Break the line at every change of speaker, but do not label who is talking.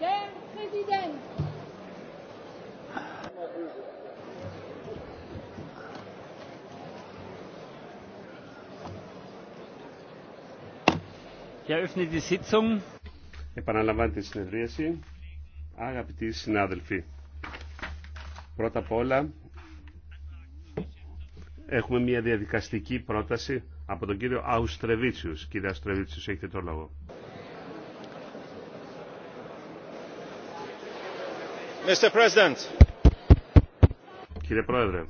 Der Präsident.
Ich
Επαναλαμβάνει τη συνεδρίαση. Αγαπητοί συνάδελφοι, πρώτα απ' όλα έχουμε μια διαδικαστική πρόταση από τον κύριο Αουστρεβίτσιους. Κύριε Αουστρεβίτσιους, έχετε το λόγο. Mr.
Κύριε Πρόεδρε.